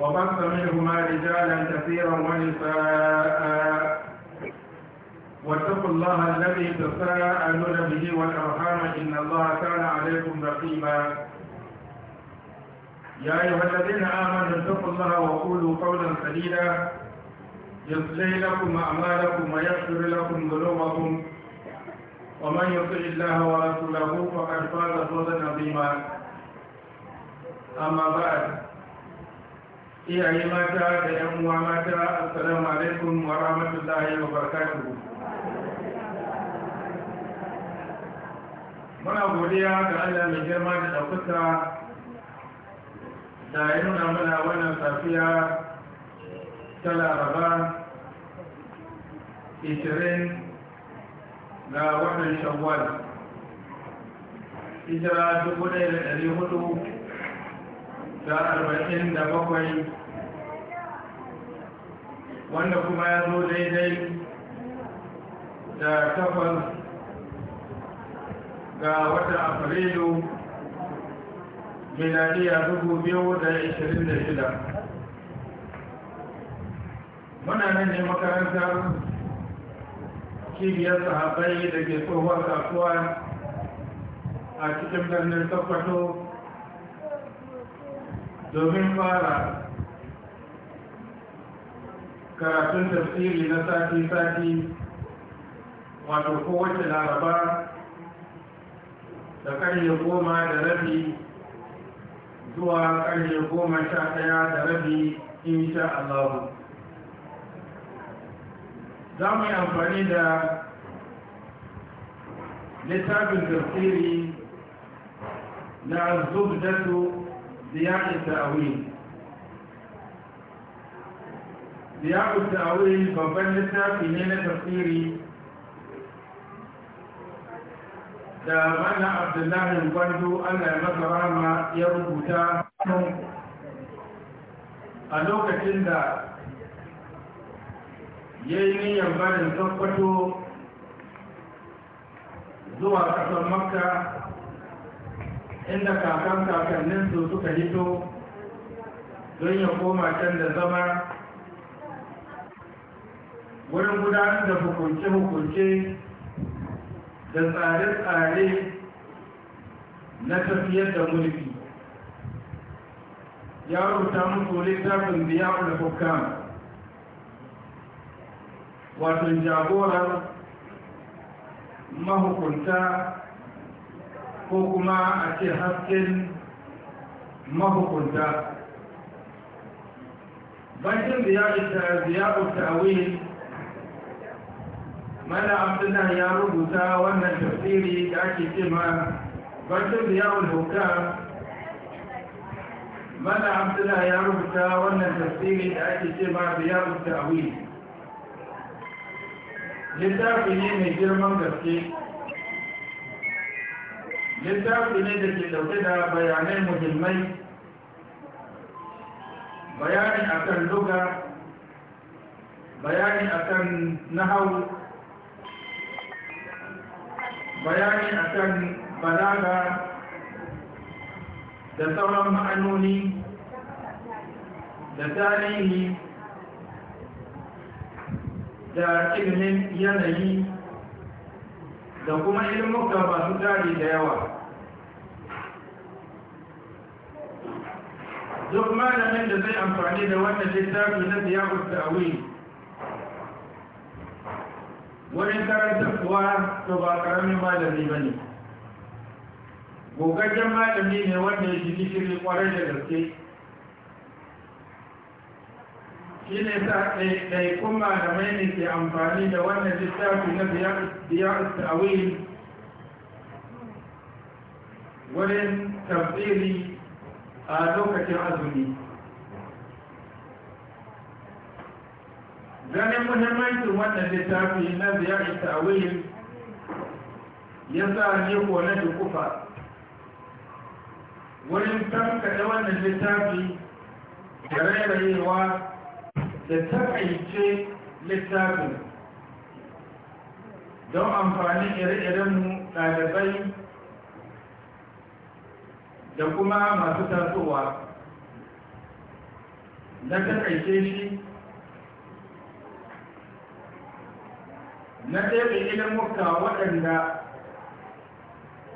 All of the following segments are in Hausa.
وبث منهما رجالا كثيرا ونساء واتقوا الله الذي تساءلون به والارحام ان الله كان عليكم رقيبا يا ايها الذين امنوا اتقوا الله وقولوا قولا سديدا يصلي لكم اعمالكم ويغفر لكم ذنوبكم ومن يطع الله ورسوله فقد فاز فوزا عظيما اما بعد iyaye mata da yan uwa mata assalamu alaikum wa rahmatullahi wa barakatuh muna godiya ga Allah mai girma da ɗaukaka da ya nuna mana wannan safiya ta laraba 20 ga wannan shawwal hijira 1447 wanda kuma ya zo daidai da takwas ga watan afrilu miladiya shida. muna nan ne makarantar cibiyar sahabai da ke tsohuwar kasuwa a cikin birnin sokoto domin fara karatun tafsiri na sati-sati wato kowace laraba da karye goma da rabi zuwa karye goma sha daya da rabi insha Allah za mu yi amfani da littafin tafsiri na zubdatu ziyarar ta'awil ya ta'awil babban littafi ne na tafsiri da mana abdullahi gwandu allah ya masa rama ya rubuta a lokacin da ya yi niyyar barin tabbato zuwa ƙasar makka inda kakan kakanninsu suka hito don ya koma can da zama wurin gudanar da hukunce-hukunce da tsare-tsare na tafiyar da mulki ya rubuta musu littafin ya da hukam wato jagorar mahukunta ko kuma a ce hasken mahukunta bankin biya da ta'awil mana abdullahi ya rubuta wannan tafsiri da ake cewa batun da yawon hauka mana abdullahi ya rubuta wannan tafsiri da ake cewa da yawon tawi littafi ne mai girman gaske littafi ne da ke dauke da bayanai muhimmai bayani akan luga bayani akan nahawu bayani a kan balaga da sauran ma'anoni da tarihi da ilimin yanayi da kuma ilmuka masu tari da yawa duk malamin da zai amfani da wannan littafi na ziyarar ta'awili wurin karantar kuwa to ba karamin malami ba ne gogaggen malami ne wanda ya ji shiri kwarai da gaske shi ne sa ɗaiɗaikun malamai ne ke amfani da wannan littafi na biya ta'awil wurin tafsiri a lokacin azumi ganin muhimmancin wannan littafi na ziyarar ta'awil ya sa ne ko na dukufa wurin tankaɗe wannan littafi da rairayewa da takaice littafin don amfani ire-irenmu ɗalibai da kuma masu tasowa na takaice shi na ɗaya ilimuka waɗanda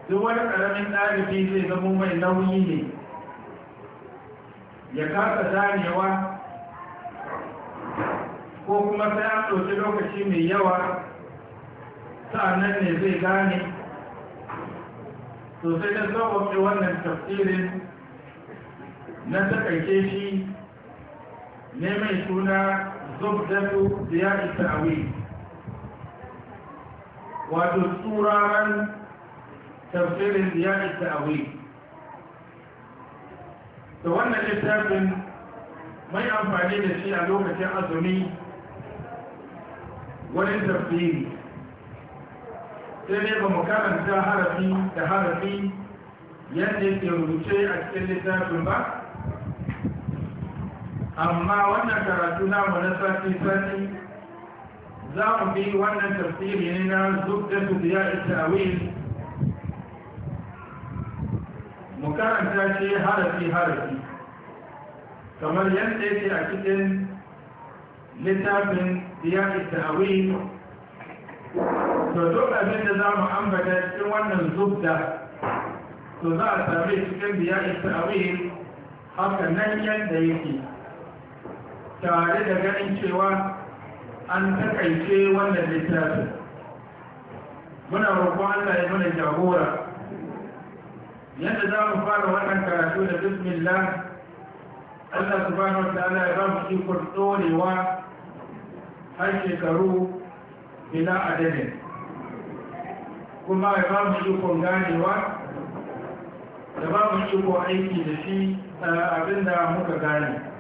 duk wani ƙaramin ɗalibi zai zama mai nauyi ne ya kasa zanewa ko kuma sai an ɗauki lokaci mai yawa sa'annan ne zai gane sosai da sauwaƙe wannan tafsirin na takaice shi ne mai suna zubdatu da ya isa wato turaran tafsirin ziyarar ta'awi da wannan littafin mai amfani da shi a lokacin azumi wani tafsiri sai ne ba mu karanta harafi da harafi yadda yake rubuce a cikin littafin ba amma wannan karatu namu na sati-sati za mu bi wannan tafsiri ne na zubdatu biya ta'wil mu karanta shi harafi harafi kamar yadda yake a cikin littafin biya ta'wil to duk abin da za mu ambata cikin wannan zubda to za a same cikin biya ta'wil haka nan yadda yake tare da ganin cewa an takaice wannan littafin muna roƙon Allah ya mana jagora yadda za mu fara wannan karatu da bismillah Allah subhanahu wa ta'ala ya ba mu ikon ɗorewa har shekaru bila adadin kuma ya ba mu ikon ganewa da ba mu ikon aiki da shi eh, abinda muka gane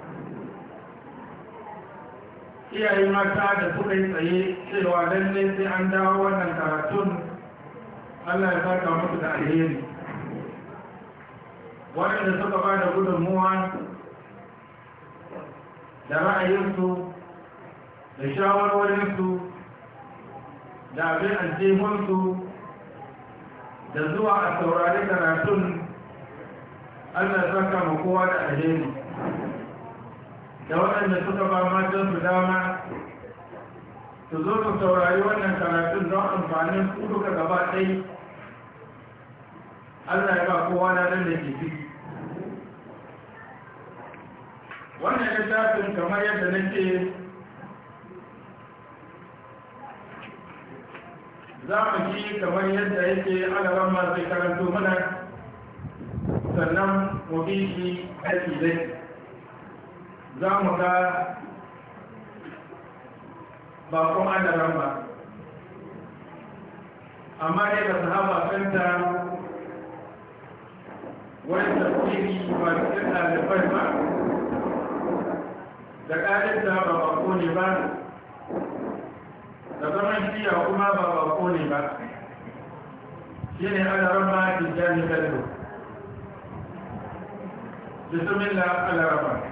Iyayen mata da suka yi tsaye cewa lalle sai an dawo wannan karatun allah ya saka musu da alheri waɗanda suka ba da gudunmuwa da ra'ayinsu da shawarwarinsu da abin aljihunsu da zuwa a saurari karatun allah ya saka kowa da alheri da waɗanda suka ba matan su dama su zo su saurari wannan karatun don amfanin su duka gaba ɗai allah ya ba kowa na nan da ke ciki wannan littafin kamar yadda nake za mu ji kamar yadda yake alaran masu karanto mana sannan mu bi shi aiki dai za mu ga bakon adaran ba amma dai da sahaba kanta wani yi ba cikin ɗalibai ba da ƙarinta ba bako ne ba da zaman shiya kuma ba bako ne ba shi ne adaran ba da bello bismillah alarama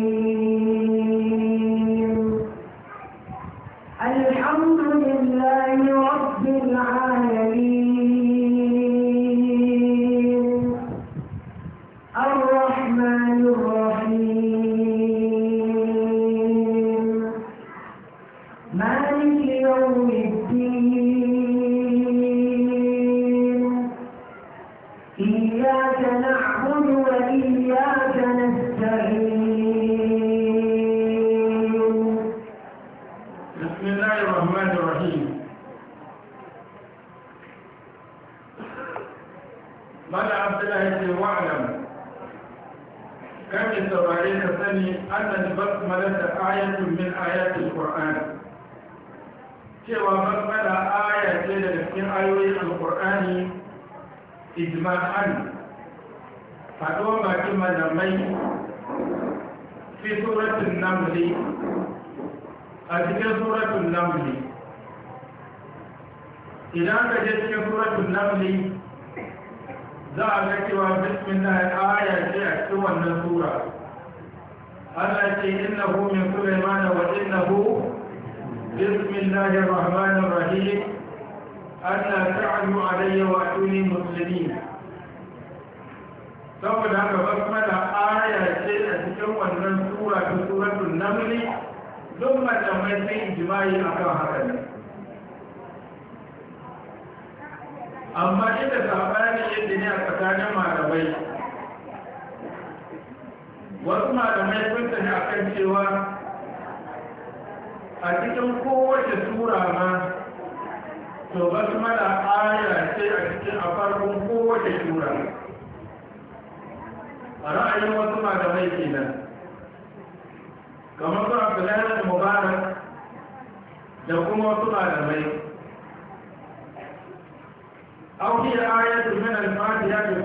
ayatul qur'an cewa matsala aya ce daga cikin ayoyin alqur'ani ijma'an faɗo bakin malamai fi suratul namli a cikin suratul namli idan ka je cikin suratul namli za a ga cewa bismillah aya ce a cikin wannan sura Allah ce innahu min Sulaiman wa innahu bismillahir rahmanir rahim Allah ta'alu alayya yawa tuni muslimin saboda haka basmala aya ce a cikin wannan sura ta suratul naml duk malamai sun ijma'i akan haka ne amma inda sabani yadda ne a tsakanin malamai wasu malamai sun tafi a kan cewa a cikin kowace sura ma to wasu mala aya ce a cikin a farkon kowace tura a ra'ayin wasu malamai kenan kamar su abdullahi da mubarak da kuma wasu malamai auki da ayatul min al-fatiha bi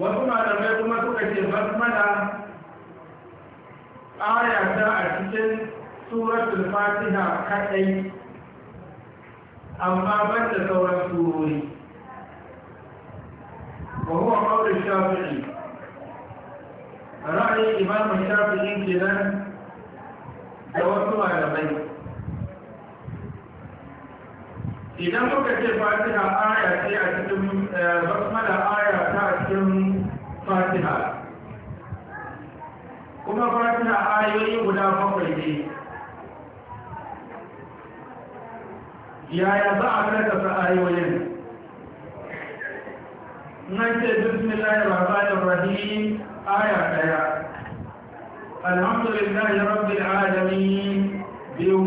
wasu malamai kuma suka ce basmala aya ta a cikin suratul fatiha kadai amma ban da sauran surori wa huwa qawlu shafi'i ra'ayin imam shafi'i kenan da wasu malamai idan muka ce fatiha aya ce a cikin eh, basmala aya kuma fatiha ayoyi guda bakwai ne yaya za a su ayoyin nan ce bismillahir rahmanir rahim aya daya alhamdulillahi rabbil alamin biyu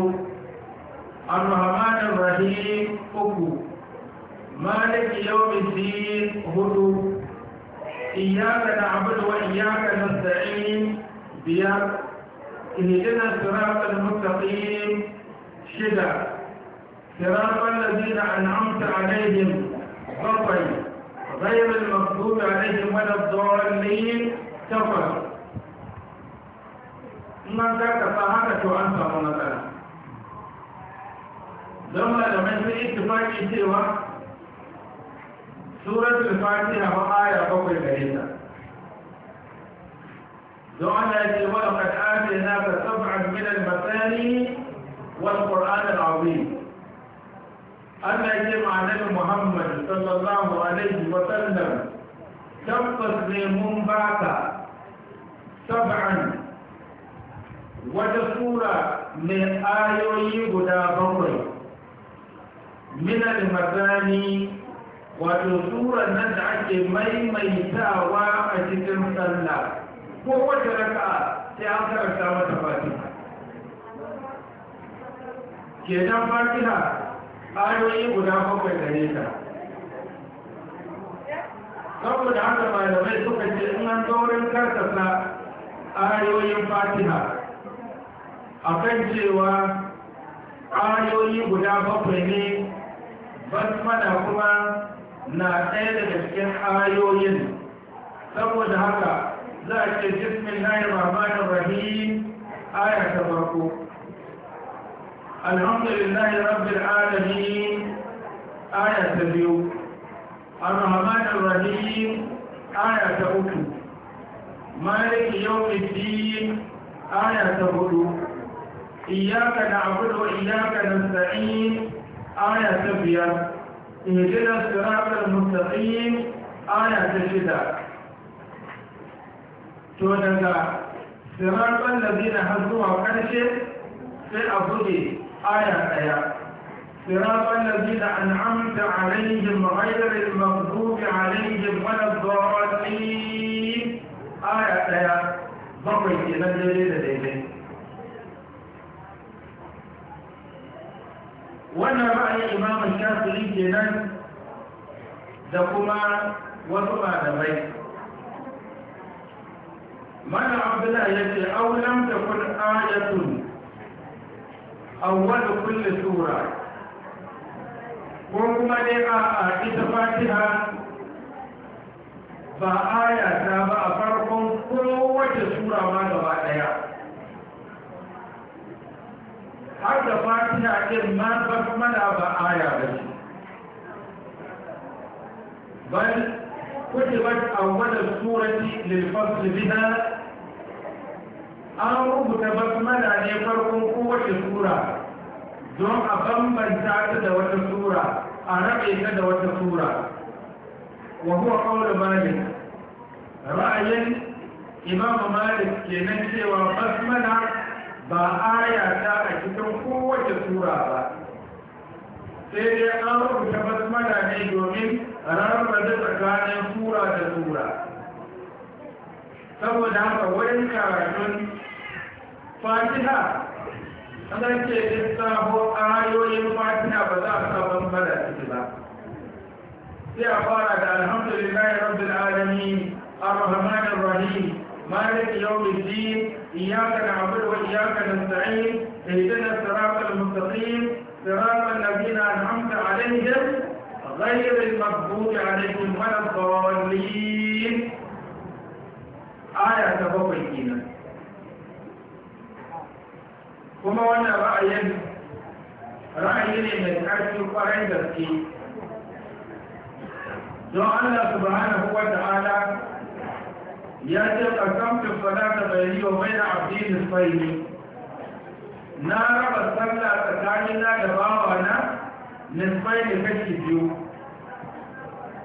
arrahmanir rahim uku maliki يوم الدين هدو إياك نعبد وإياك نستعين بيا إن لنا صراط المتقين شدة صراط الذين أنعمت عليهم غطي غير المغضوب عليهم ولا الضالين كفر ما كانت فهذا شو أنت من ذلك لما لما في اتفاق سورة الفاتحة وآية بقي بريدة don Allah ya ce wa laqad atayna ka sab'an min al-masani wal qur'an al-azim ce ma annabi Muhammad sallallahu alaihi wa sallam tabbas ne mun baka sab'an wata sura mai ayoyi guda bakwai min al-masani wato surar nan da ake maimaitawa a cikin sallah ko sai an karanta mata fatiha kenan fatiha ayoyi guda bakwai gare ta saboda haka malamai suka ce in an zaurin karkasa ayoyin fatiha kan cewa ayoyi guda bakwai ne basmala kuma na ɗaya daga cikin ayoyin saboda haka لكن بسم الله الرحمن الرحيم آية تبركو الحمد لله رب العالمين آية تبيو الرحمن الرحيم آية تبكو مالك يوم الدين آية تبكو إياك نعبد وإياك نستعين آية تبيا إهدنا الصراط المستقيم آية تشدك to daga siratun lazina har zuwa ƙarshe sai a buɗe aya ɗaya siratun lazina an amta alaihim ghairar maghdubi alaihim wala dhalin aya ɗaya bakwai ke na daidai da daidai wannan ra'ayin imam shafi'i kenan da kuma wasu bai mana abdullahi ya ce aulam da kun ayatun awwal kulli sura ko kuma dai a a ita fatiha ba aya ta ba a farkon kowace sura ma gaba daya har da fatiha din ma ba mana ba aya ba ce bal كتبت أول السورة للفصل بها an rubuta basmala ne farkon kowace sura don a bambanta ta da wata sura a rabe ta da wata sura wa huwa qawlu malik ra'ayin imam malik kenan cewa basmala ba aya ta a cikin kowace sura ba sai dai an rubuta basmala ne domin rarrabe tsakanin sura da sura saboda haka wurin karatun فاتحة ana ke lissafo ayoyin fatiha ba za a sa يا ciki الحمد لله رب العالمين الرحمن الرحيم مالك يوم الدين إياك نعبد وإياك نستعين اهدنا الصراط المستقيم صراط الذين أنعمت عليهم غير المغضوب عليهم ولا الضالين آية تبوي الدين kuma wannan ra'ayin ra'ayi ne mai ƙarfi ƙwarai gaske don Allah subhanahu wa ta'ala ya ce qasamtu ta bayani wa bayna abdi nisfaini na raba sallah tsakanina da bawa bawana da kashi biyu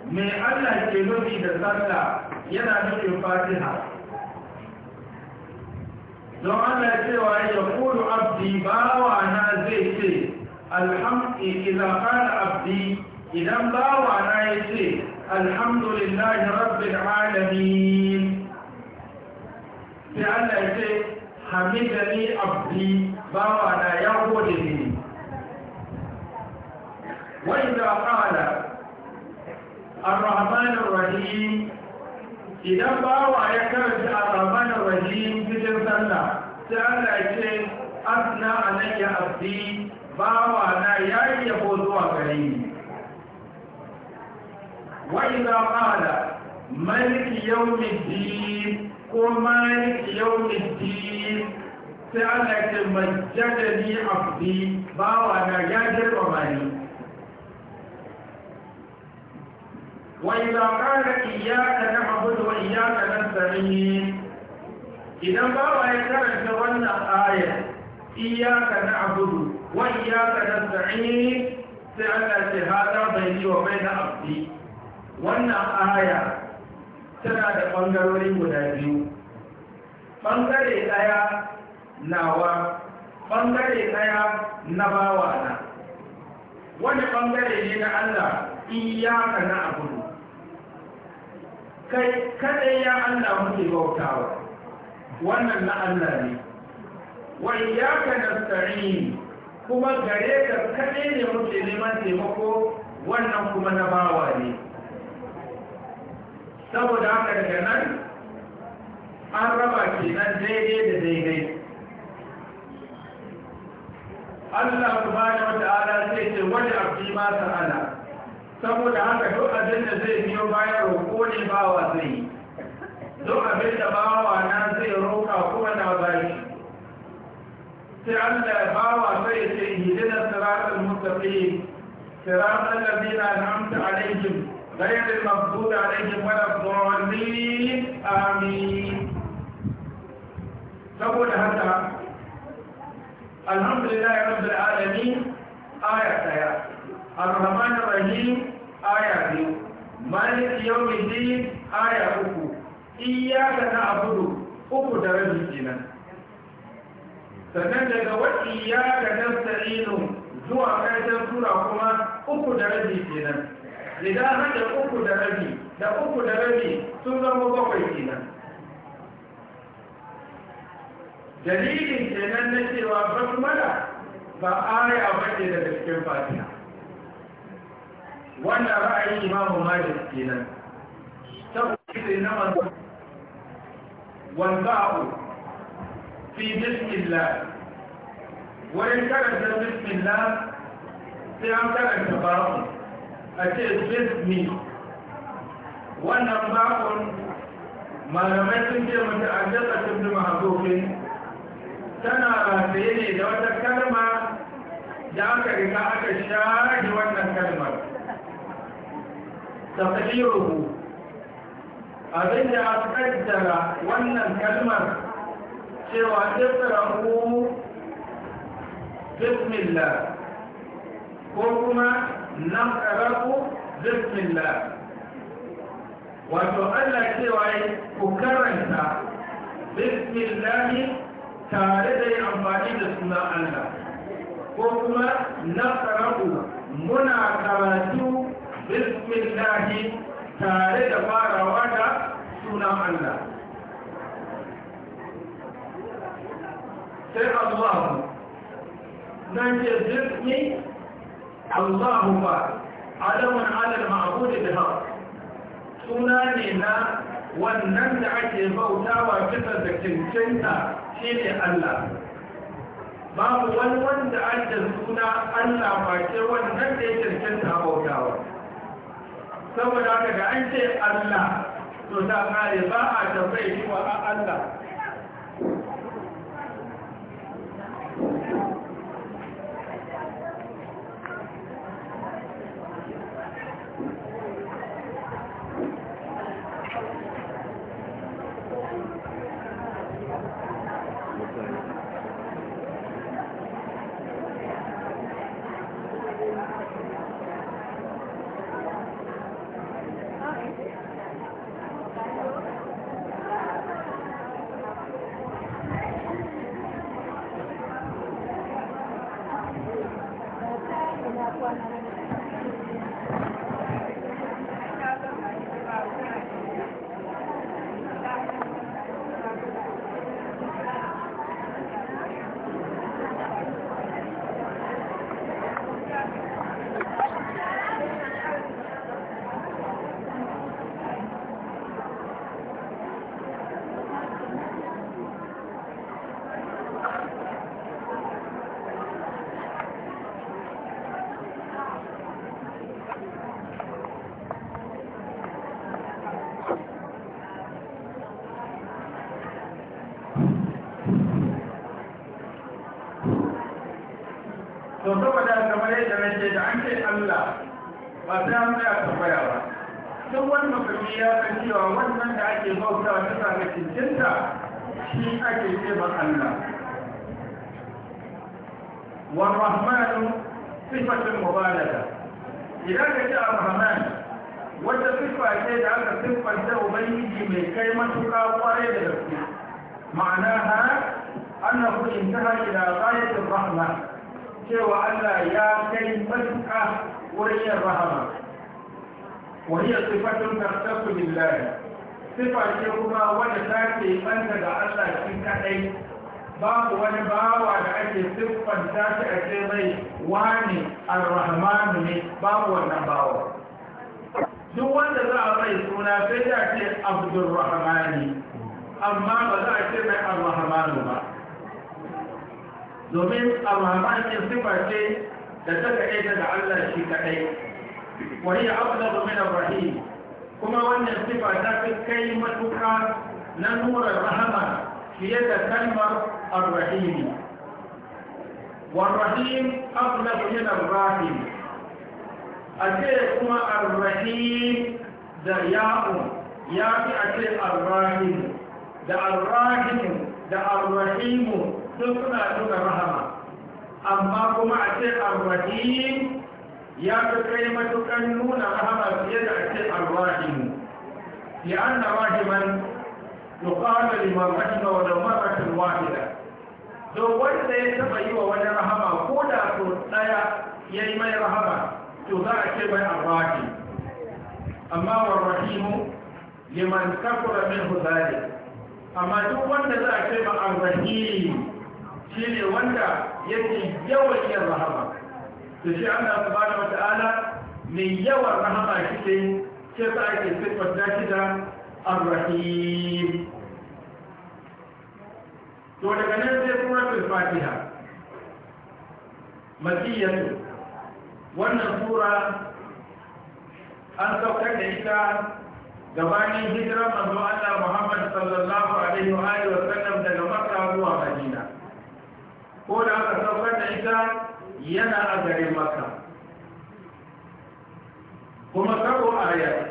me Allah ke nufi da sallah yana nufin Fatiha don Allah cewa ya kudu abdi bawa na zai ce alhamdi idan abdi idan bawa na ya ce alhamdulillahi rabbil alamin sai Allah ya ce hamidani abdi bawa na ya gode wai da idan kana الرحمن الرحيم idan bawa ya karanta a ramanin waje cikin sallah sai Allah ya ce asna alayya abdi bawa na yayi yabo zuwa gari wai wa idza qala maliki yawmiddin ko maliki yawmiddin sai Allah ya ce majjadani abdi bawa na ya jirba ni وإذا قال إياك نعبد وإياك نستعين إذا بابا يكرر تولى آية إياك نعبد وإياك نستعين سألت هذا بيني وبين عبدي وأن آية tana da ɓangarori guda biyu ɓangare ɗaya nawa ɓangare ɗaya na bawa na wani ɓangare ne na Allah iyaka na abu kai kadai ya Allah muke bautawa wannan na Allah ne wa iyyaka nasta'in kuma gare ka kadai ne muke neman taimako wannan kuma na bawa ne saboda haka daga nan an raba kenan daidai da daidai Allah subhanahu wa ta'ala sai ce wani abdi ma sa'ala saboda haka duk abin da zai biyo bayan roƙo ne bawa zai yi duk abin da bawa na zai roƙa kuma na bari sai an ya bawa sai ya ce hidina siratal mustaqim siratal ladina an'amta alaihim غير a عليهم ولا الضالين آمين saboda haka alhamdulillah ya alamin aya daya ar-rahmanir rahim aya biyu malik yawmin din aya uku iyyaka na'budu uku da rabi kenan sannan daga wa iyyaka nasta'inu zuwa ƙarshen sura kuma uku da rabi kenan idan hada uku da rabi da uku da rabi sun zama bakwai kenan dalilin kenan na cewa da ba aya bace daga cikin fatiha wannan ra'ayin imamu malik kenan saboda sai na manzo wanza'u fi bismillah wurin karanta bismillah sai an karanta ba'u a ce bismi wannan ba'un malamai sun ce mutu a jasa tun mahazofin tana rataye ne da wata kalma da aka riga aka share wannan kalmar تقديره abin da aka kaddara wannan kalmar cewa tattarahu bismillah ko kuma nan ƙararku bismillah wato allah cewa yi ku karanta bismillahi tare da yi amfani da suna allah ko kuma nan ƙararku muna karatu bismillahi tare da farawa da sunan Allah sai Allah nan ce bismi Allahu ba alamun alal ma'budi biha suna ne na wannan da ake bautawa bisa da cancanta shine Allah babu wani wanda ake suna Allah ba ce wannan da ya cancanta bautawa saboda haka da an ce Allah to ta kare ba a tafai shi wa Allah ba sai an tsaya tambaya ba duk wani musulmi ya san cewa wannan da ake bauta bisa ga cincinta shi ake ce ma Allah والرحمن صفة مبالغة إذا جاء الرحمن wata siffa ce da aka siffanta ubangiji mai kai matuƙa kwarai da gaske ma'ana ha annahu intaha ila ghayatir rahma cewa Allah ya kai matuƙa قريش الرحمة وهي صفة تختص بالله صفة كما ونساكي أنت الله كنكتين babu wani bawa da ake siffanta shi a mai wani arrahmanu ne babu wannan bawa duk wanda za a mai suna sai ya ce abdurrahmani amma ba za a ce mai arrahmanu ba domin arrahmani siffa ce da ta kaɗe Allah shi sosai wani abu min rahim kuma wannan sifa ta fi kai matuka na nura rahama fiye da kalmar arrahim warrahim abu min rahim a ce kuma arrahim da yahu, ya fi a ce arrahim da arrahim da arrahimu sun suna nuna rahama amma kuma a ce arrahim ya fi kai matukan nuna rahama fiye da ake alwahimu ya an na wahiman yuqalu liman rahima wadda marashin wahida to wanda ya taba yi wa wani rahama ko da su tsaya ya yi mai rahama to za a ce mai alwahi amma wa rahimu liman kafura min huzari. amma duk wanda za a ce ma alwahim shi ne wanda yake yawan yin rahama da shi Allah subhanahu wata'ala mai yawan rahama shi ce ce sa ake siffanta shi da ar to daga nan zai sai suratul fatiha makiyatu wannan tura an saukar da ita gabanin hijirar manzo Allah Muhammad sallallahu alaihi wa alihi wa sallam daga Makka zuwa Madina ko da aka saukar da ita yana a garin maka kuma karo yau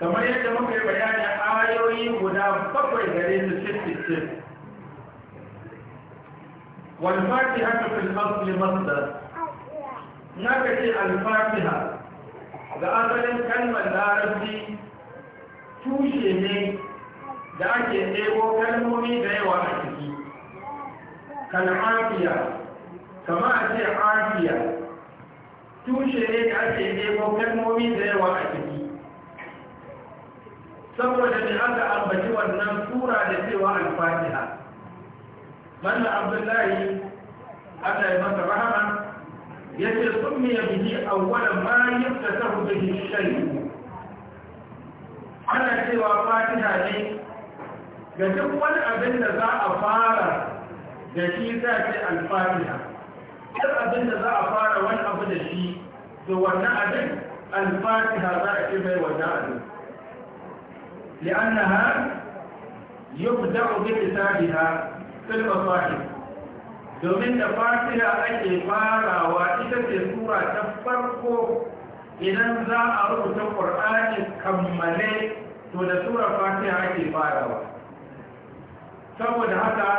kamar yadda muka yi bayani ayoyi guda bakwai gare su cikin والفاتحة في الأصل مصدر نكتي الفاتحة ga asalin kalmar larabci tushe ne da ake ɗebo kalmomi da yawa a ciki kal'afiya kama a ce afiya tushe ne da ake nemo kalmomi da yawa a ciki saboda da aka ambaci wannan tura da cewa alfatiha manna abdullahi ana yi masa rahama ya ce sun miya bihi awwala ma yadda ta hudu shayi ana cewa fatiha ne ga duk wani abin da za a fara da shi za ce alfatiha duk abin da za a fara wani abu da shi to wannan abin alfatiha za a ce mai wannan abin li'annaha yubda'u bi kitabiha fil mafahim domin da fatiha ake farawa ita ce sura ta farko idan za a rubuta qur'ani kammale to da sura fatiha ake farawa saboda haka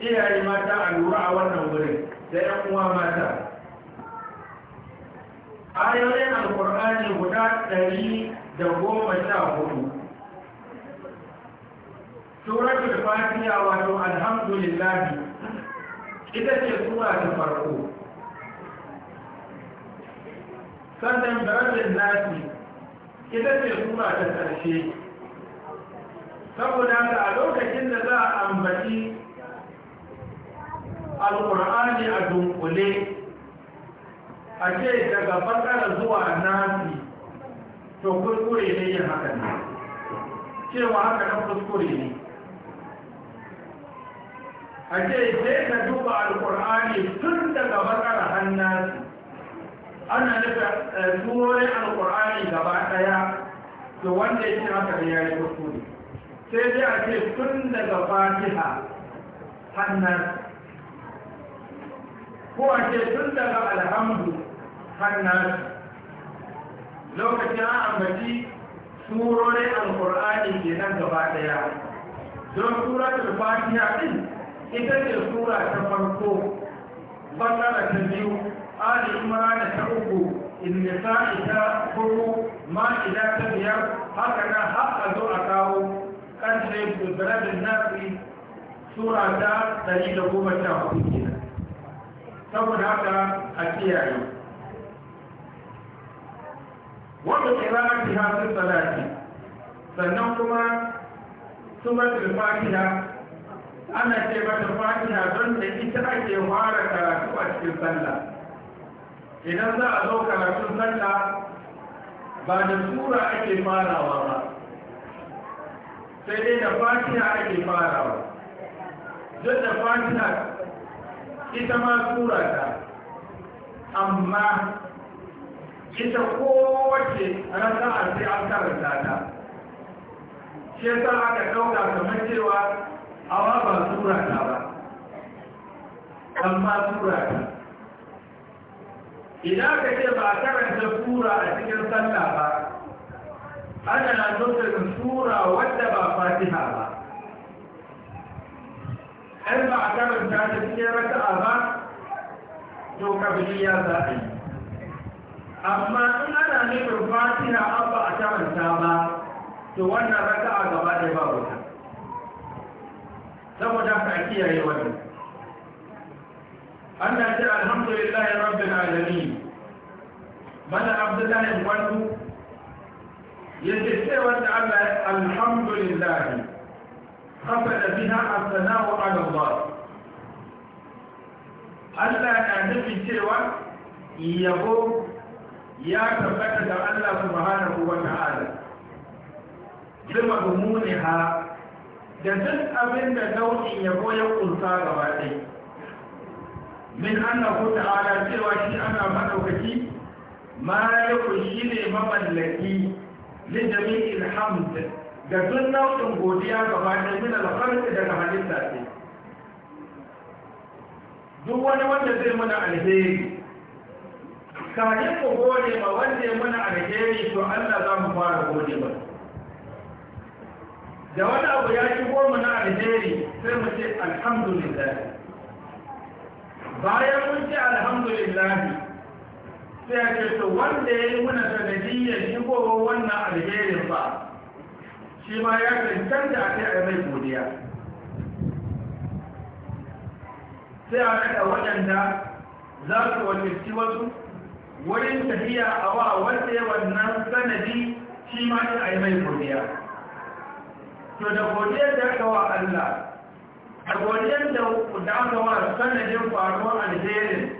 iyaye mata a lura a wannan wurin da ‘yan uwa mata. Ayoyin Alƙur'ani guda ɗari da goma sha hudu. Suratul Fatiha wato Alhamdulillahi ita ce sura ta farko. Sannan Birnin Nasi ita ce sura ta ƙarshe. Saboda a lokacin da za a ambaci alƙur'ani a dunkule a ce daga bakara zuwa nasi to kuskure ne yin haka ne cewa haka nan kuskure ne a ce sai ka duba alƙur'ani tun daga bakara har nasi ana nufa turai eh, alƙur'ani gaba ɗaya da wanda ya ce haka ya yi kuskure sai dai a ce tun daga fatiha har ko a ce tun daga alhamdu hannan lokacin an ambaci alkur'ani ke nan gaba daya don tura fatiha din ita ce tura ta farko bangare ta biyu ali da ta uku inda ta ma ma'ida ta biyar haka na haka zo a kawo kan da bulbulabin nasi tura ta 114 kenan saboda haka a kiyaye wanda kira'ati hasu salati sannan kuma suratul fatiha ana ce mata fatiha don da ita ake fara karatu a cikin sallah idan za a zo karatun sallah ba da sura ake farawa ba sai dai da fatiha ake farawa duk da fatiha ita ma tura ta amma ita kowace rasa a sai an karanta ta shi sa aka ɗauka kamar cewa awa ba tura ta ba amma tura ta idan ka ce ba karanta tura a cikin sallah ba ana nufin tura wadda ba fatiha ba in ba a karanta ta cikin raka'a ba to kabiliya za a yi amma in ana nufin fatiha an ba a karanta ba to wannan raka'a gaba ɗaya ba wuta saboda ka kiyaye wannan an na ce alhamdulillahi na alamin mana abdullahi wani yace ce wanda Allah alhamdulillahi قصد بها الثناء على الله Allah na nufin cewa yabo ya tabbata da Allah subhanahu wa ta'ala zuma dumuni ha da duk abin da nau'in yabo ya kunsa gaba ɗai min annahu ta'ala cewa shi ana madaukaki ma ya kunshi ne mamallaki li jami'il hamd da duk nau'in godiya ga ɗaya min alfarki daga halitta ce duk wani wanda zai muna alheri kayan mu gode ma wanda ya muna alheri to Allah za mu fara gode ba da wani abu ya shigo mu na alheri sai mu ce alhamdulillah bayan mun ce alhamdulillah sai a ce to wanda ya yi muna sanadiyyar shigowar wannan alherin ba shi ma ya da a kai mai godiya sai a kada waɗanda za su wakilci wasu wurin tafiya a wa wanda ya wannan sanadi shi ma shi a yi mai godiya to da godiyar da aka wa Allah a godiyar da aka wa sanadin faruwar alherin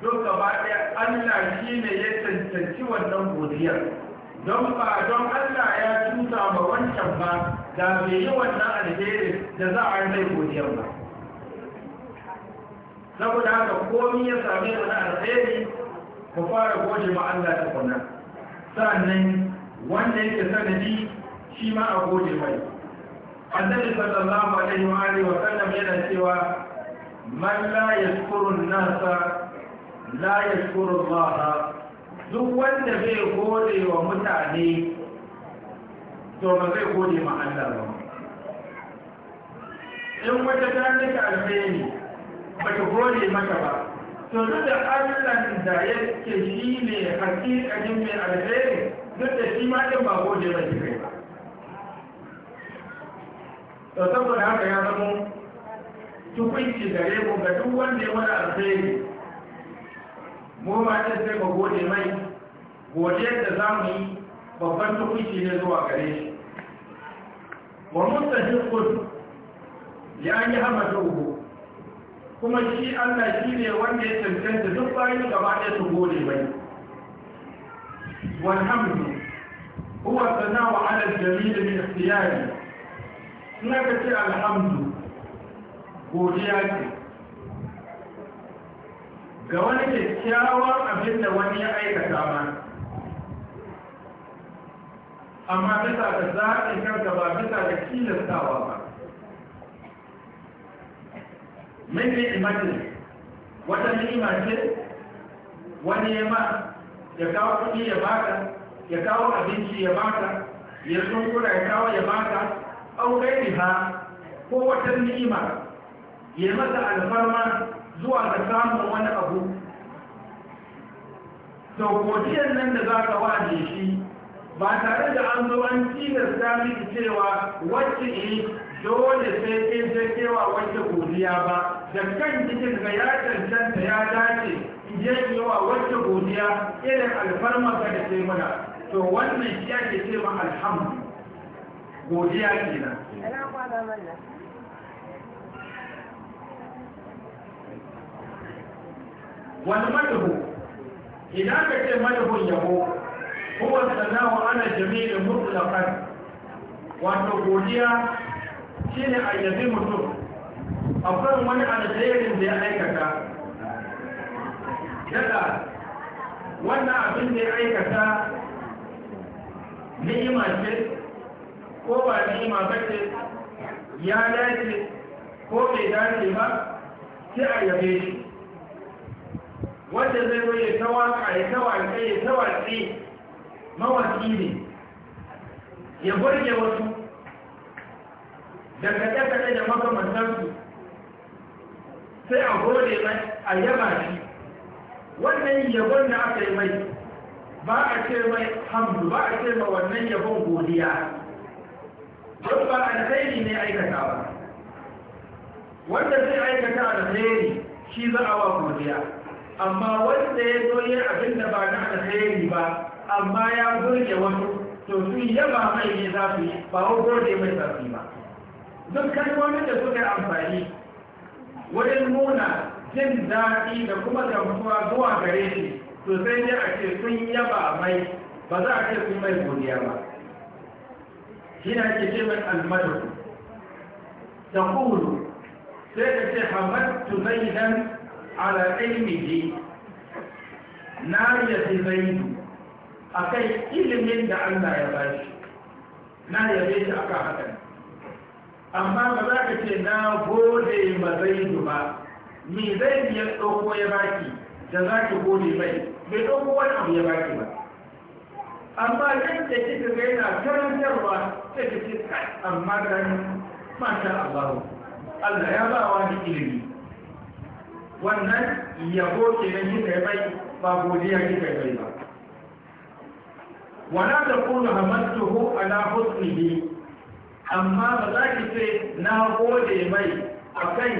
duk gaba ɗaya Allah shi ne ya cancanci wannan godiyar don ba don Allah ya tuta ba wancan ba da bai yi wannan alheri da za a rai godiyar ba saboda haka komi ya same wani alheri ku fara goje ma Allah ta kuna sannan wanda yake sanadi shi ma a goje mai annabi sallallahu alaihi wa alihi wa sallam yana cewa man la yashkuru an-nasa la yashkuru Allah duk wanda zai gode wa mutane to ba zai gode ma Allah ba in wata ta nika alheri ba ta gode mata ba to duk da Allah da yake shi ne hakikanin mai alheri duk da shi ma din ba gode ba kai ba to saboda haka ya zama tukunci gare mu ga duk wanda ya wani alheri mu ba ta sai ba gode mai godiyar da zamu yi babban tukuci ne zuwa gare shi wa mustahin kun ya yi hamadu uku kuma shi allah shi ne wanda ya tantance duk bayan gaba da su gode mai walhamdu huwa sana'u ala jamil min ikhtiyari suna ka ce alhamdu godiya ce ga wani kyakkyawan abin da wani ya aikata ma amma bisa ga zaɓin kanka ba bisa da tilastawa ba min imanin wata ni'ima ce wani ya ma ya kawo kudi ya baka ya kawo abinci ya baka ya tsunkura ya kawo ya baka au ha ko wata ni'ima ya masa alfarma zuwa ga samun wani abu da godiyar nan da za ka waje shi ba tare da an zo an tilasta miki cewa wacce ne eh, dole sai ke je wacce godiya ba da kan cikin ga ya cancanta ya dace je yi wa wacce godiya irin ka da sai muna to wannan shi ake ce ma alhamdu godiya kenan. wani madahu idan ka ce madahun yabo huwa sanawa ana jami'in mutlaqan wato godiya shine ayyabi mutum akwai wani alherin da ya aikata daga wannan abin da ya aikata ni'ima ce ko ba ni'ima ba ce ya dace ko bai dace ba sai a yabe shi wanda zai zo ya tawaka ya tawaka ya tawatsi mawaki ne ya burge wasu da kaɗe-kaɗe da makamantansu sai a gode mai a yaba shi wannan yabon da aka yi mai ba a ce mai hamdu ba a ce ma wannan yabon godiya don ba alkhairi ne aikata ba wanda zai aikata alkhairi shi za a wa godiya amma wanda ya zo yin abin da ba na alheri ba amma ya burge wasu to su yaba mai ne za su yi ba wa gode mai za su yi ba duk wani da suka amfani wajen nuna jin daɗi da kuma gamsuwa zuwa gare shi to sai ne a ce sun yaba mai ba za a ce sun mai godiya ba shi na ke ce mai almadu da kulu sai ka ce hamad tu dan ala ilmihi na yabi zaidu akan ilimin da Allah ya bashi na yabe shi aka hakan amma ba za ka ce na gode ma zaidu ba me zaidu ya ɗauko ya baki da za ki gode mai bai ɗauko wani abu ya baki ba amma yadda kika ga yana karantarwa sai ka ce amma dan masha Allah Allah ya bawa wa ni ilimi wannan yabo kenan kika yi bai ba godiya kika yi bai ba wala da kullu hamadtuhu ala husnihi amma ba za ki ce na gode mai akan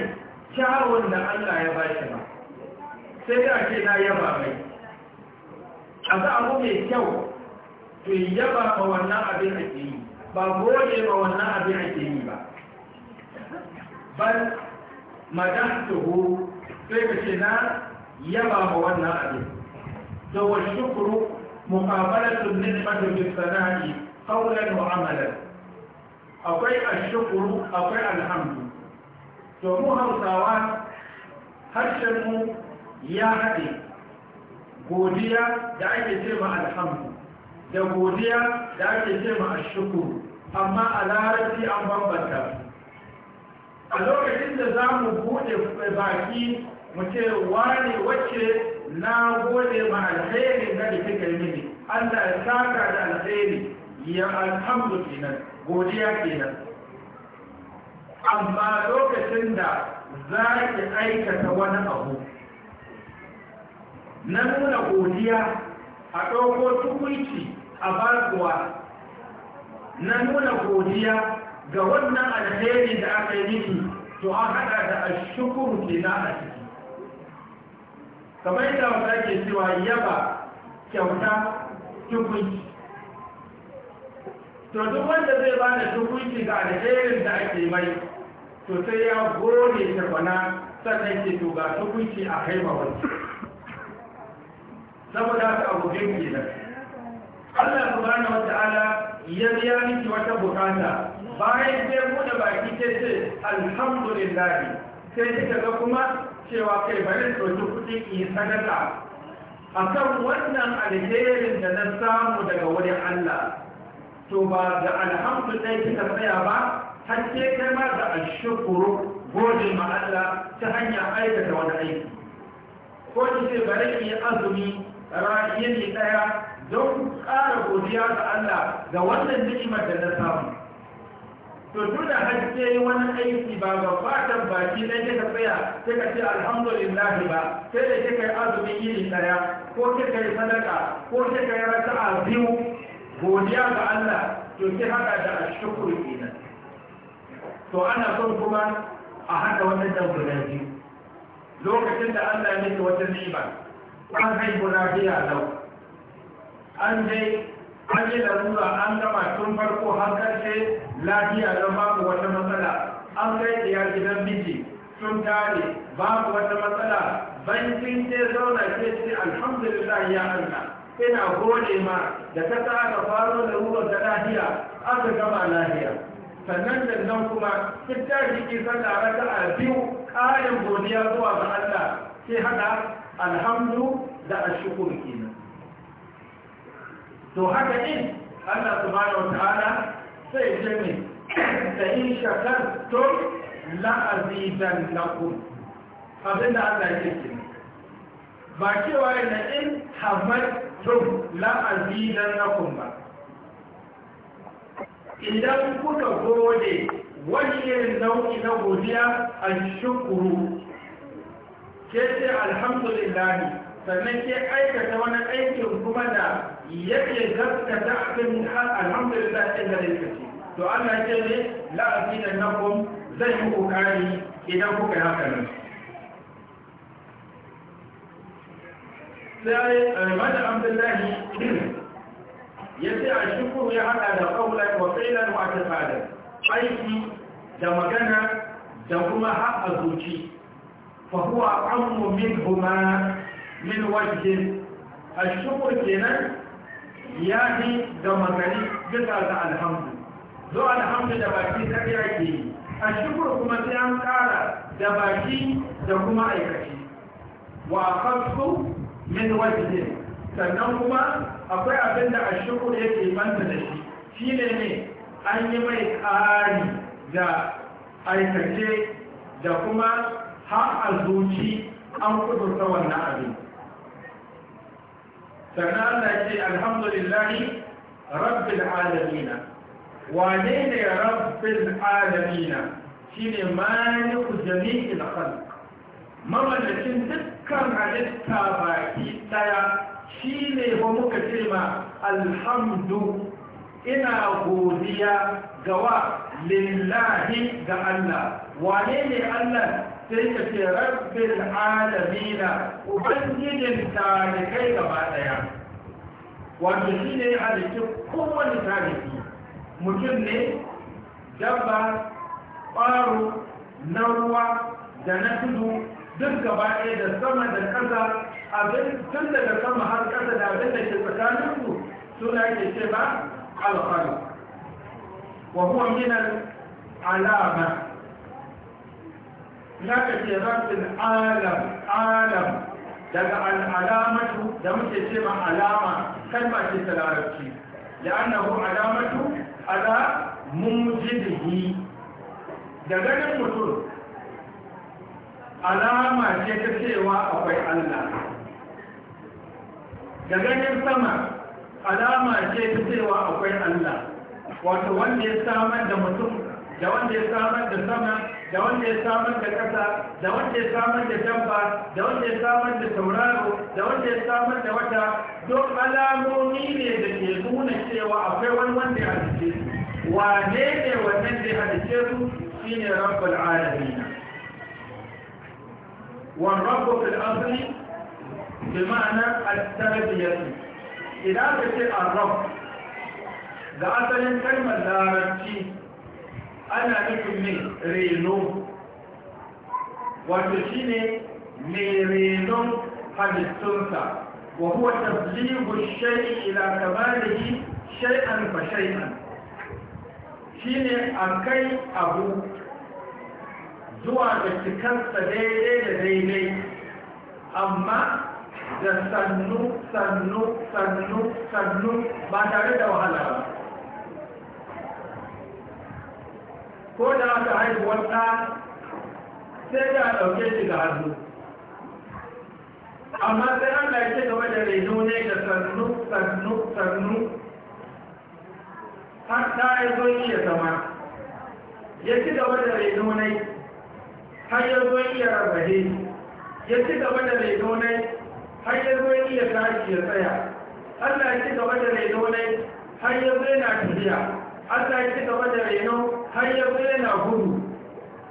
kyawun da Allah ya ba shi ba sai da ke na yaba mai a za abu mai kyau to yaba ba wannan abin ake yi ba gode ba wannan abin ke yi ba bal madahtuhu sai ce na yaba ma wannan abin da wa shukuru muqabalatun ni'matu bis sana'i qawlan wa amalan akwai ashkuru akwai alhamdu to mu hausawa harshen mu ya haɗe godiya da ake ce ma alhamdu da godiya da ake ce ma ashkuru amma a larabci an bambanta a lokacin da za mu buɗe baki mu ce wani wacce na gode ma alheri na da kika yi mini Allah ya saka da alheri ya alhamdu kenan godiya kenan amma lokacin da za ki aikata wani abu na nuna godiya a ɗauko tukunci a barkuwa. na nuna godiya ga wannan alheri da aka yi ni to an haɗa da ashukuru kenan a ciki kamar yadda wata ke cewa yaba kyauta tukunci to duk wanda zai ba da tukunci ga alherin da ake mai to sai ya gode ta bana sannan ke to ga tukunci a haifa wani saboda ta abu ke da Allah subhanahu wata'ala ya biya miki wata bukata bayan sai da baki ce ce alhamdulillah sai kika ga kuma cewa kai bari ɗauki kuɗi in yi sadaka a kan wannan alherin da na samu daga wurin Allah to ba da alhamdu kika tsaya ba har sai kai ma da ashukuru gode ma Allah ta hanyar aikata wani aiki ko ki ce bari in yi azumi ra'ayi ɗaya don ƙara godiya ga Allah ga wannan ni'imar da na samu to duk da yi wani aiki ba ga fatan baki na kika tsaya kika ce alhamdulillah ba sai da kika yi azumi iri daya ko kika yi sadaka ko kika yi a biyu godiya ga Allah to ki haka da shukuru kenan to ana son kuma a haka wannan guda biyu lokacin da Allah ya miki wata ni'ima an haihu lafiya lau an dai an yi larura an gama tun farko har karshe lafiya don babu wata matsala an kai ɗiya gidan miji sun tare babu wata matsala bankin ce zauna ke ce alhamdulillah ya Allah ina gode ma da ta sa aka faro da ruwan ta lafiya aka gama lafiya. sannan da nan kuma fitta jiki sallah raka a biyu ƙarin godiya zuwa ga Allah sai haka alhamdu da ashukuru kenan to haka in Allah subhanahu ta'ala sai ce ne da in shakartum la azidan lakum abin da Allah ce ba cewa na in hamattum la azidan lakum ba idan kuka gode wani irin nau'i na godiya a shukuru ke ce alhamdulillahi sannan ke aikata wani aikin kuma da yake gaskata abin alhamdulillah ɗin da lokaci to Allah ce ne la'afi da nakon zai yi ƙoƙari idan kuka yi haka nan sai almada abdullahi ya ce a shukuru ya haɗa da ƙaunar wa filan wa ta tsada aiki da magana da kuma haɗa zuci fa huwa ammu min huma min wajhin ashukur kenan ya fi ga bisa da alhamdu zo alhamdu da baki ta kira ke a ashukur kuma sai an kara da baki da kuma aikaci wa akhasu min wajen? sannan kuma akwai abin da ashukur yake manta da shi shine ne an yi mai ƙari da aikace da kuma har a zuci an kudurta wannan abin sannan Allah ce alhamdulillahi rabbil alamina wane ne rabbil alamina shine maliku jami'il khalq mamallakin dukkan halitta baki daya shine ba muka ce ma alhamdu ina godiya gawa. lillahi ga Allah wane ne Allah sai ka ce rabbil alamina ubangijin kai gaba daya wato shi ne halittu kowane tarihi mutum ne dabba ƙwaro na ruwa da na tudu duk gaba ɗaya da sama da ƙasa abin tun daga sama har ƙasa da abin da ke tsakaninsu suna ke ce ba alfaru wa huwa min alama na kace rabbin alam alam daga al'alamatu da muke ce ma alama kalma ce ta larabci la'annahu alamatu ala mumjidihi da ganin mutum alama ce ta cewa akwai Allah da ganin sama alama ce ta cewa akwai Allah wato wanda ya samar da mutum da wanda ya samar da sama da wanda ya samar da kasa da wanda ya samar da dabba da wanda ya samar da tauraro da wanda ya samar da wata duk alamomi ne da ke nuna cewa akwai wani wanda ya halice su wane ne wannan da ya halice su shine rabbul alamin wa rabbul fil asli bi ma'ana al tarbiyah idan ka ce ar-rabb ga asalin kalmar larabci ana nufin mai reno wato shi ne mai renon halittunsa wa kuwa tabligu shai ila kamalihi shay'an fa ne shine kai abu zuwa ga cikarsa daidai da daidai amma da sannu sannu sannu sannu ba tare da wahala ba ko da aka haihuwar ɗa sai da ɗauke shi ga hannu amma sai an da gaba da reno ne da sannu sannu sannu har ta yi zo iya zama ya ci gaba da reno ne har ya zo iya rarrahe ya ci gaba da reno ne har ya zo iya tashi ya tsaya Allah ya ci gaba da reno ne har ya zo yana tafiya Allah ya ci gaba da reno har ya yana na gudu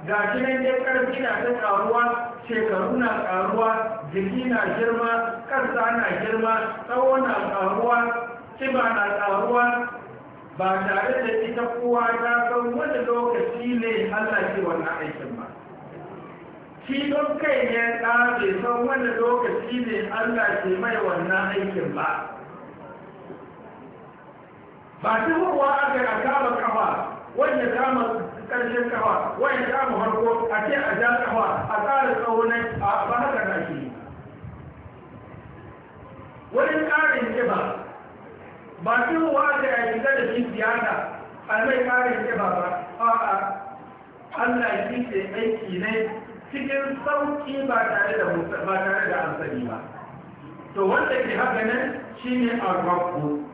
ga shi nan ƙarfi na ta ƙaruwa shekaru na karuwa jiki na girma karsa na girma tsawo na karuwa kiba na karuwa ba tare da ita kowa ta san wani lokaci ne Allah ke wannan aikin ba shi don kai ne ɗa ke san wani lokaci ne Allah ke mai wannan aikin ba ba ta hurwa aka kama kafa wanda kama karshen kawa wanda kama harko a ce a ja kawa a tsara tsawonai a ba haka na shi wani ƙarin kiba ba wa da ya shiga da shi siyasa a mai ƙarin kiba ba a'a Allah shi ke aiki ne cikin sauki ba tare da ba ba to wanda ke haka nan shine arrabu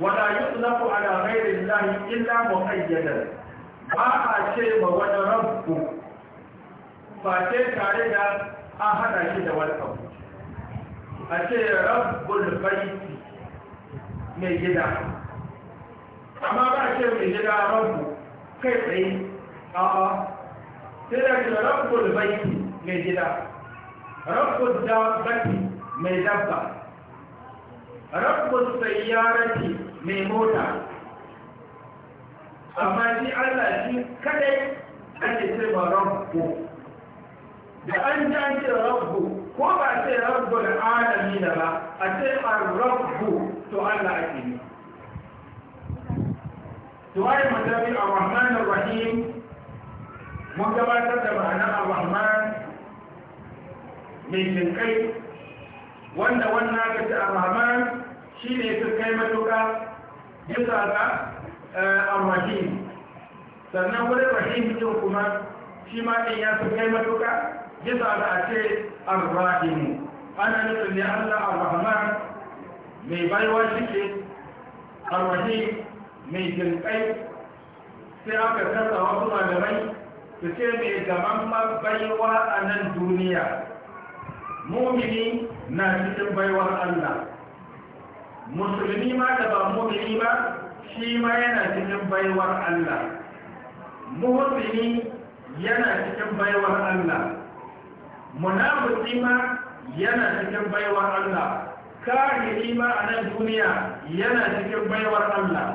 wala yutlafu ala ghairi llahi illa muqayyadan ba a ce ma wani rabbu ba ce tare da an hada shi da wani abu a ce rabbul baiti mai gida amma ba a ce mai gida rabbu kai tsaye a'a sai da ce rabbul baiti mai gida rabbul dabbati mai dabba rabbus sayyarati mai mota amma shi Allah shi kadai ake ce ba rabbu da an ji an ce rabbu ko ba ce rabbu da alami da ba a ce a rabbu to Allah ake ne tuwaye matabi a rahman rahim mun gabatar da ma'ana a rahman mai shinkai wanda wannan ka ci arhaman shi ne su kai matuka bisa ga eh, arrahim sannan wurin rahim ɗin kuma shi ma ɗin ya fi kai matuka bisa ga a ce arrahimu ana nufin ne allah arrahman mai baiwa shi ke arrahim mai jinƙai sai aka kasa wasu malamai su ce mai gaban baiwa a nan duniya mumini na cikin baiwar Allah musulmi ma da ba mumini ba shi ma yana cikin baiwar Allah muhsini yana cikin baiwar Allah munafiki ma yana cikin baiwar Allah kafiri ma a nan duniya yana cikin baiwar Allah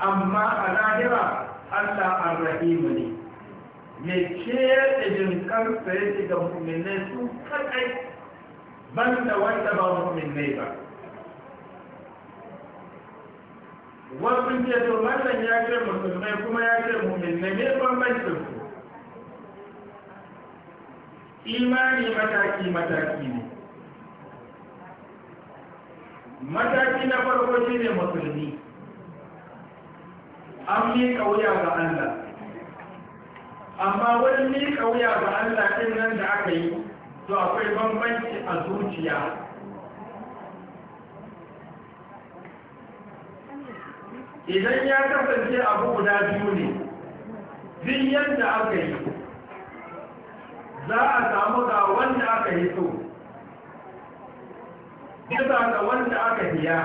amma a lahira Allah ar-rahim ne mai ciyar da jinkarsa yake ga mu'minai su kaɗai ban da wanda ba mu'minai ba wasu ke to wannan ya ce musulmai kuma ya ce mu'minai ne bambancin su imani mataki-mataki ne mataki na farko shi ne musulmi an yi kauya ga Allah amma wani miƙa wuya ba Allah ɗin nan da aka yi to akwai bambanci a zuciya idan ya kasance abu guda biyu ne duk yadda aka yi za a samu ga wanda aka yi so bisa ga wanda aka biya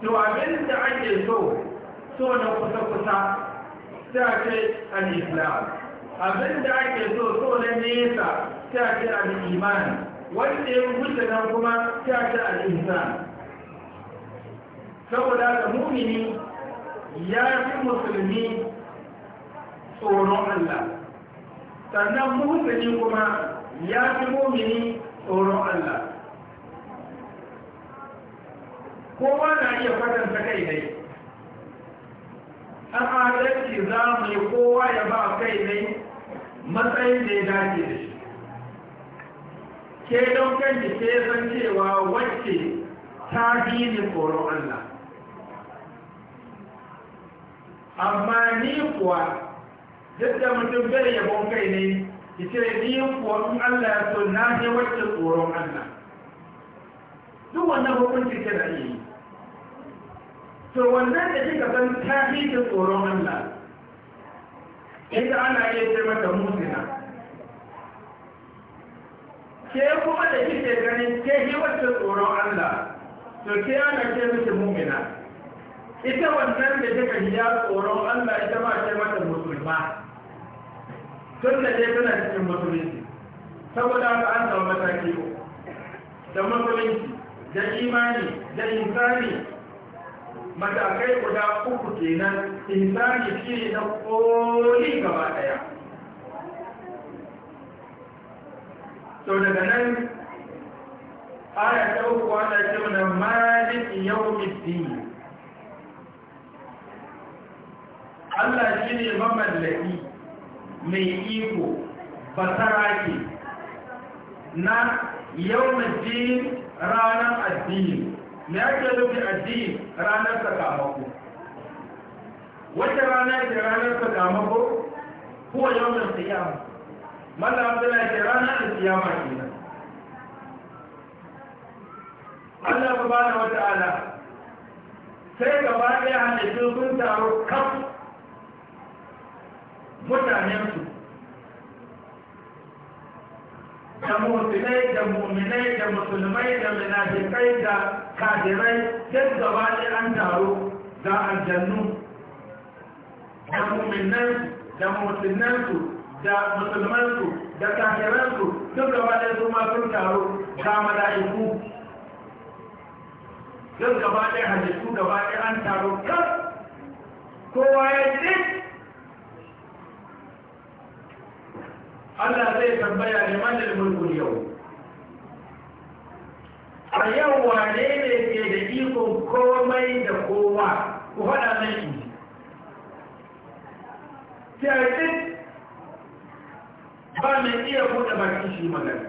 to abin da ake so so na kusa-kusa ta ce al abin da ake so so na nesa ta ce al wanda ya wuce nan kuma ta ce al-insan saboda ka mumini ya fi musulmi tsoron Allah sannan musulmi kuma ya fi mumini tsoron Allah kowa na iya ta kai dai an adalci za mu yi kowa ya ba kai ne matsayin da ya dace da shi ke don da ke san cewa wacce ta fi ne tsoron Allah amma ni kuwa duk da mutum bai yabon kai ne ki ce ni kuwa in Allah ya so na ne wacce tsoron Allah duk wannan hukunci ke da yi to wannan da kika san tahidin tsoron Allah ita ana iya ce mata musina ke kuma da kike ganin ke yi wata tsoron Allah to ke ana ce miki mumina ita wannan da kika hiya tsoron Allah ita ma ce mata musulma tun da dai tana cikin musulunci saboda haka an samu mataki da musulunci da imani da insani matakai guda uku kenan insani shi na koli gaba daya to daga nan aya ta uku ana ce mana maliki yawmiddin Allah shi ne mamallaki mai iko basarake na yau yawmiddin ranar addini me ake nufi addini ranar sakamako wata rana ke ranar sakamako yau mai siyama mana abdullahi ke ranar siyama nan Allah wata ala sai gaba ɗaya hannun sun taro kan mutanensu da musulai da muminai da musulmai da munafikai da kadirai duk gaba ɗaya an taro ga aljannu da mummunan da musulmansu da musulmansu da kadiransu duk gaba ɗaya su ma sun taro ga mala'iku duk gaba ɗaya halittu gaba ɗaya an taro kan kowa ya ce Allah zai tambaya liman mulkul yau a yau wane ne ke da ikon komai da kowa ku faɗa mai shi tarihin ba mai iya buɗe baki shi magana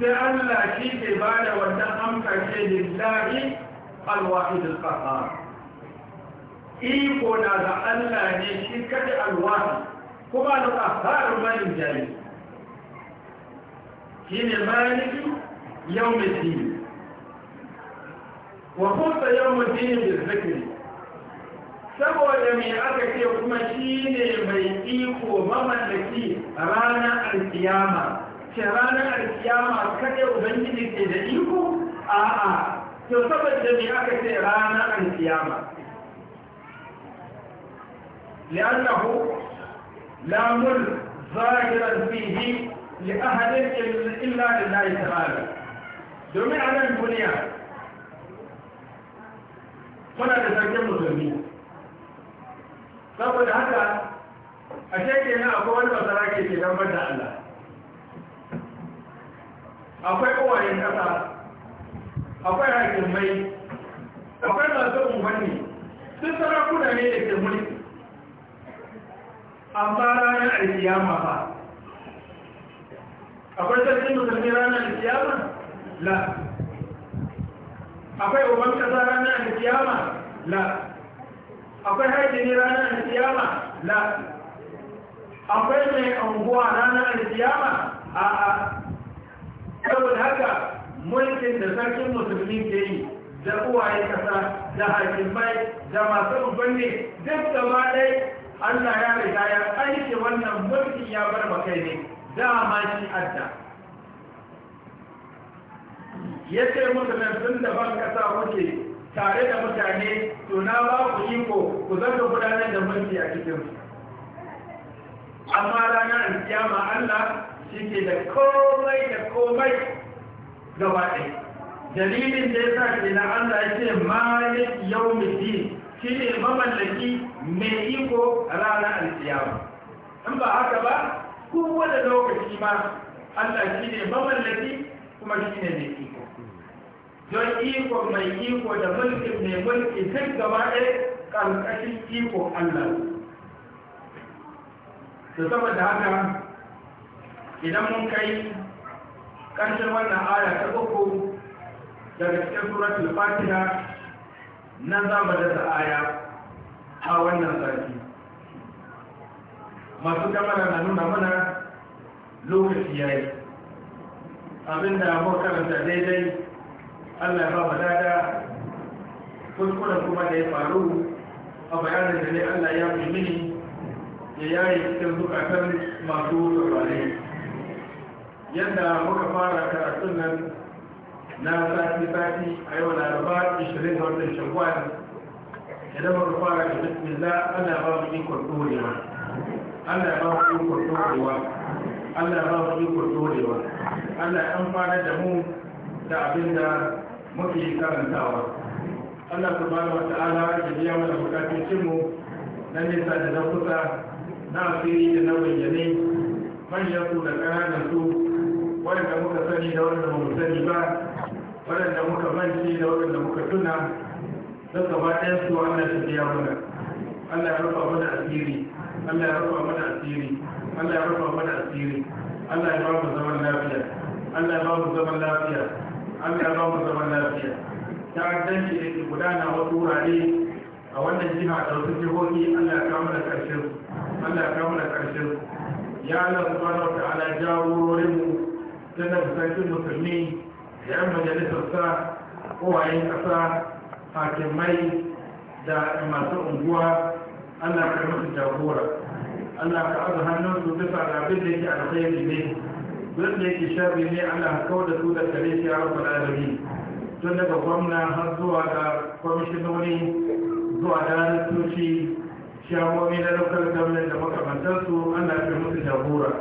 sai Allah shi ke ba da wannan amsa ce lillahi alwahid qahhar iko na da Allah ne shi kaɗi alwahi kuma da ƙasarar malin jari shi ne maliki yau mai dini wa kusa yau mai dini da zikiri saboda mai aka ce kuma shi ne mai iko mamallaki ranar alkiyama ce ranar alkiyama kaɗe ubangiji ke da iko a'a to saboda mai aka ce ranar alkiyama لأنه لا ملك ظاهرا فيه لأحد إلا لله تعالى domin a nan duniya muna da sarkin musulmi saboda haka a shekke na akwai wani ke ke da Allah akwai kowayen ƙasa akwai hakimai akwai masu umarni sun sarakuna ne da ke mulki amma ranar alkiyama ba akwai sarkin musulmi ranar alkiyama la akwai uban kasa ranar alkiyama la akwai haikini ranar alkiyama la akwai mai anguwa ranar alkiyama a a saboda haka mulkin da sarkin musulmi ke yi da uwaye kasa da hakimai da masu ubanne duk gaba ɗaya Allah ya riga ya aike wannan mulki ya bar makai ne dama shi adda ya ce musu nan tun da ban kasa kuke tare da mutane to na ba ku iko ku zanga gudanar da mulki a cikin amma rana alkiyama Allah shi ke da komai da komai gaba ɗaya dalilin da ya sa ke na Allah ya ce malik yau shi ne mamallaki mai iko ranar alkiyama in ba haka ba kowane lokaci ma Allah shi ne mamallaki kuma shi ne mai iko don iko mai iko da mulkin mai mulki duk gaba ɗaya ƙarƙashin iko Allah da saboda haka idan mun kai ƙarshen wannan aya ta uku daga cikin suratul fatiha nan za mu aya a wannan sati masu kamara na nuna mana lokaci ya yi abinda karanta daidai allah ba ba dada kuskuren kuma da ya faru a bayanin da ne allah ya fi mini ya yayi cikin zukatan masu saurare yadda muka fara karatun nan na sati-sati a yau laraba 20 ga watan shagwai idan muka fara da bismillah Allah ba mu ikon dorewa Allah ba mu ikon dorewa Allah ba mu ikon dorewa Allah ya amfana da mu da abinda da muke karantawa Allah subhanahu wa ta'ala ya biya mana bukatun mu na nisa da na kusa na asiri da na bayyane manyan su da ƙananan su waɗanda muka sani da wanda ba mu sani ba waɗanda muka manci da waɗanda muka tuna don gaba ɗaya su Allah shi biya mana Allah ya rufa mana asiri Allah ya rufa mana asiri Allah ya rufa mana asiri Allah ya ba mu zaman lafiya Allah ya ba mu zaman lafiya Allah ya ba mu zaman lafiya addanci da ke gudana wasu wurare a wannan jiha da wasu jihohi Allah ya kama da ƙarshen Allah ya kama da ƙarshen ya Allah subhanahu wa ta'ala ya jawo wurin mu tana fitakin musulmi da yan majalisar sa kowayen ƙasa hakimai da masu unguwa Allah ka musu jagora Allah ka azu hannun su bisa da abin da yake alkhairi ne duk da yake sharri ne Allah ka da su da kare shi a rabbul alamin tun daga gwamna har zuwa ga kwamishinoni zuwa da rasuci shawomi na lokal gwamnan da makamantarsu Allah ka musu jagora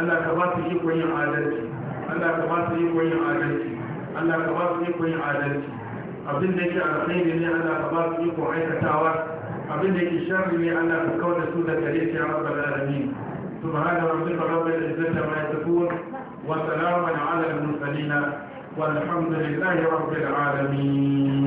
Allah ka ba su yi ikon yin adalci Allah ka ba su yi ikon yin adalci Allah ka ba su yi ikon yin adalci abin da yake alkhairi ne Allah ka ba su iko aikatawa abin da yake sharri ne Allah ka kawar da su da gare shi ya rabbal alamin subhana rabbika rabbil izzati amma yasifun wa salamun ala al mursalin والحمد لله رب العالمين